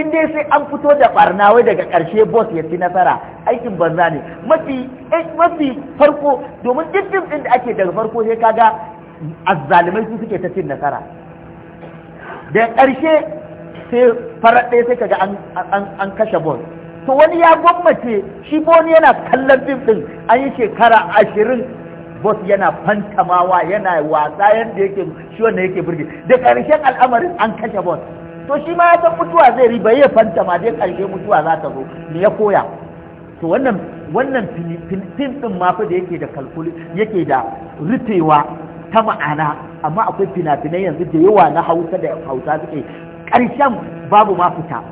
in dai sai an fito da barna daga ƙarshe boss ya ci nasara aikin banza ne mafi eh, mafi farko domin duk fim ɗin da ake daga farko sai kaga azzalimai su suke ta cin nasara da ƙarshe sai farar ɗaya sai kaga an kashe boss to wani ya gwammace shi wani yana kallon fim ɗin an yi shekara ashirin boss yana fantamawa yana wasa yadda yake shi wanda yake burge da karshen al'amarin an kashe boss to shi ma ya san mutuwa zai riba ya fantama dai karshe mutuwa za ta zo me ya koya to wannan wannan fim din ma fa da yake da kalkuli yake da rufewa ta ma'ana amma akwai fina-finai yanzu da yawa na hausa da hausa suke karshen babu ma fita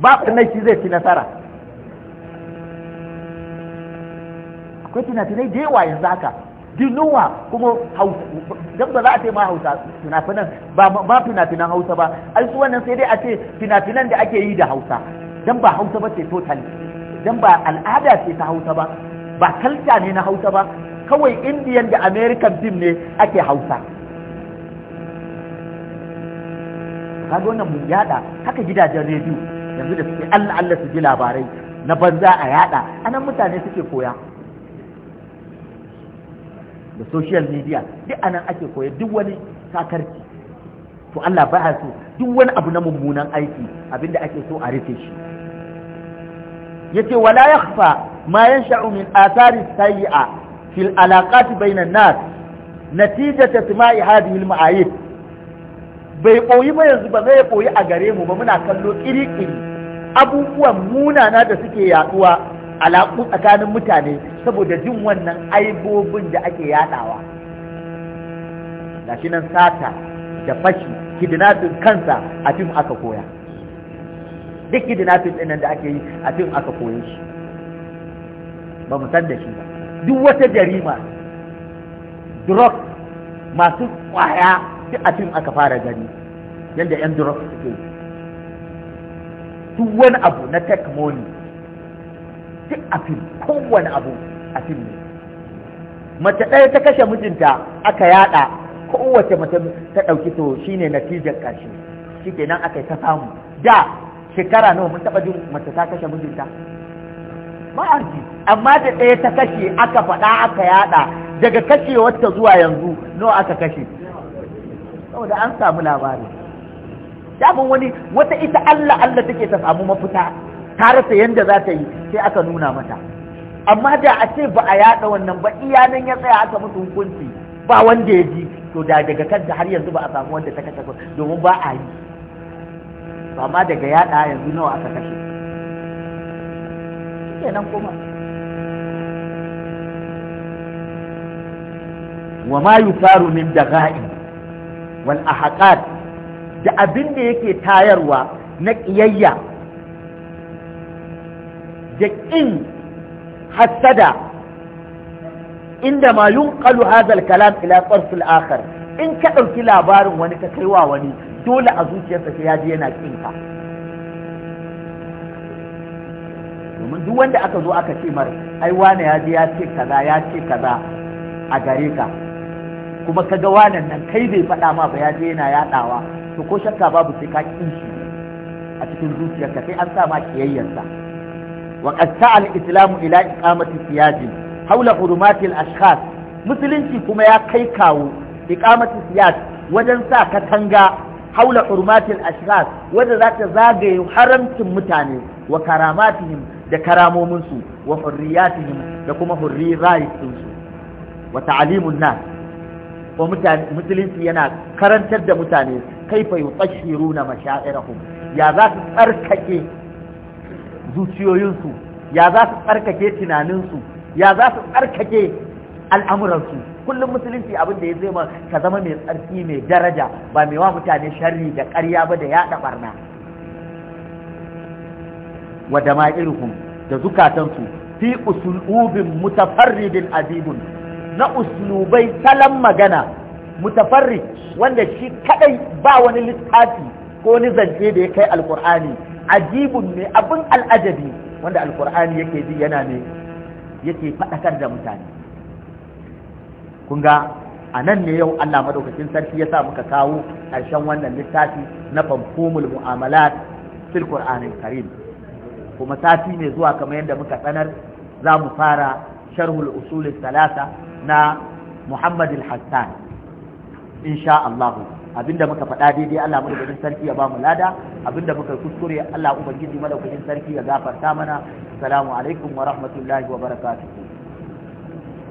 ba na shi zai ci nasara akwai finafinai da yawa yanzu haka dinuwa kuma don ba za a ce ma hausa finafinan ba ma finafinan hausa ba ai su wannan sai dai a ce finafinan da ake yi da hausa don ba hausa ba ce totali don ba al'ada ce ta hausa ba ba kalta ne na hausa ba kawai indiyan da american fim ne ake hausa kaga wannan mun yada haka gidajen rediyo yanzu da suke allah allah su ji labarai na banza a yada anan mutane suke koya da social media duk anan ake koyar duk wani sakarci to Allah ba so duk wani abu na mummunan aiki abinda ake so a rufe shi yace wala yakhfa ma yansha'u min athari sayyi'a fil alaqati bainan nas natijata sama'i hadhihi al ma'ayib bai koyi ba yanzu ba zai koyi a gare mu ba muna kallo kiri-kiri abubuwan munana da suke yaduwa alaƙu tsakanin mutane saboda jin wannan aibobin da ake yadawa shi nan sata da fashi kidnapping kansa a fim aka koya duk kidnapping ɗin da ake yi a fim aka koya shi ba mu san da shi ba duk wata jarima drug masu kwaya duk a fim aka fara gani yadda 'yan drug suke duk wani abu na tech money duk a fim kowane abu a fim ne mace ɗaya ta kashe mijinta aka yada kowace mace ta ɗauki to shine natijar ƙarshe shi ke nan aka yi ta samu da shekara nawa mun taɓa jin mace ta kashe mijinta ma'arki amma da ɗaya ta kashe aka faɗa aka yada daga ta zuwa yanzu nawa aka kashe saboda an samu labari daman wani wata ita Allah Allah take ta samu mafita ta rasa yadda za ta yi sai aka nuna mata amma da a ce ba a yaɗa wannan ba iyanan ya tsaya aka musu hukunci ba wanda ya ji to da daga kanta har yanzu ba a samu wanda ta kashe domin ba a yi ba ma daga yada yanzu nawa aka kashe nan kuma wa ma yusaru min daga'i wal ahqat da abin da yake tayarwa na kiyayya. da ƙin hassada inda ma yunqalu hadha al-kalam ila tarf akhar in ka ɗauki labarin wani ka kai wa wani dole a zuciyarsa sai ya ji yana ƙin ka domin duk wanda aka zo aka ce mar ai wane ya je ya ce kaza ya ce kaza a gare ka kuma ka ga wanan nan kai bai faɗa ma ba ya je yana yaɗawa to ko shakka babu sai ka ƙin shi a cikin zuciyarka sai an sa ma kiyayyarsa وقد سعى الإسلام إلى إقامة سياج حول حرمات الأشخاص musulunci kuma ya kai kawo iqamatu siyas wajen sa katanga haula hurmatil ashghas wanda za zagaye haramcin mutane wa karamatihim da karamomin su wa hurriyatihim da kuma hurriyatin su wa ta'limun nas wa musulunci yana karantar da mutane kaifa yutashiruna mashairahum ya za su tsarkake zuciyoyinsu ya za su tsarkake tunaninsu ya za su tsarkake al'amuransu kullum musulunci abin da ya zama ka zama mai tsarki mai daraja ba mai wa mutane sharri da ƙarya ba da yaɗa wadda ma dama'iruhum da zukatansu fi usulubin mutafarridin azibun na usulubai salon magana mutafarri wanda shi kadai ba wani littafi ko wani zance da ya kai alkur'ani ajibun ne abin al'ajabi wanda alkur'ani yake ji yana ne yake faɗakar da mutane kun ga a nan ne yau Allah madaukakin sarki ya sa muka kawo ƙarshen wannan littafi na fanfumul mu'amalat fil qur'anil karim kuma sati ne zuwa kamar yadda muka sanar za mu fara sharhul usul talata na Muhammad al-Hassan insha abinda muka faɗa daidai Allah madaukakin sarki ya bamu lada abinda muka kuskure Allah ubangiji madaukakin sarki ya gafarta mana assalamu alaikum wa rahmatullahi wa barakatuh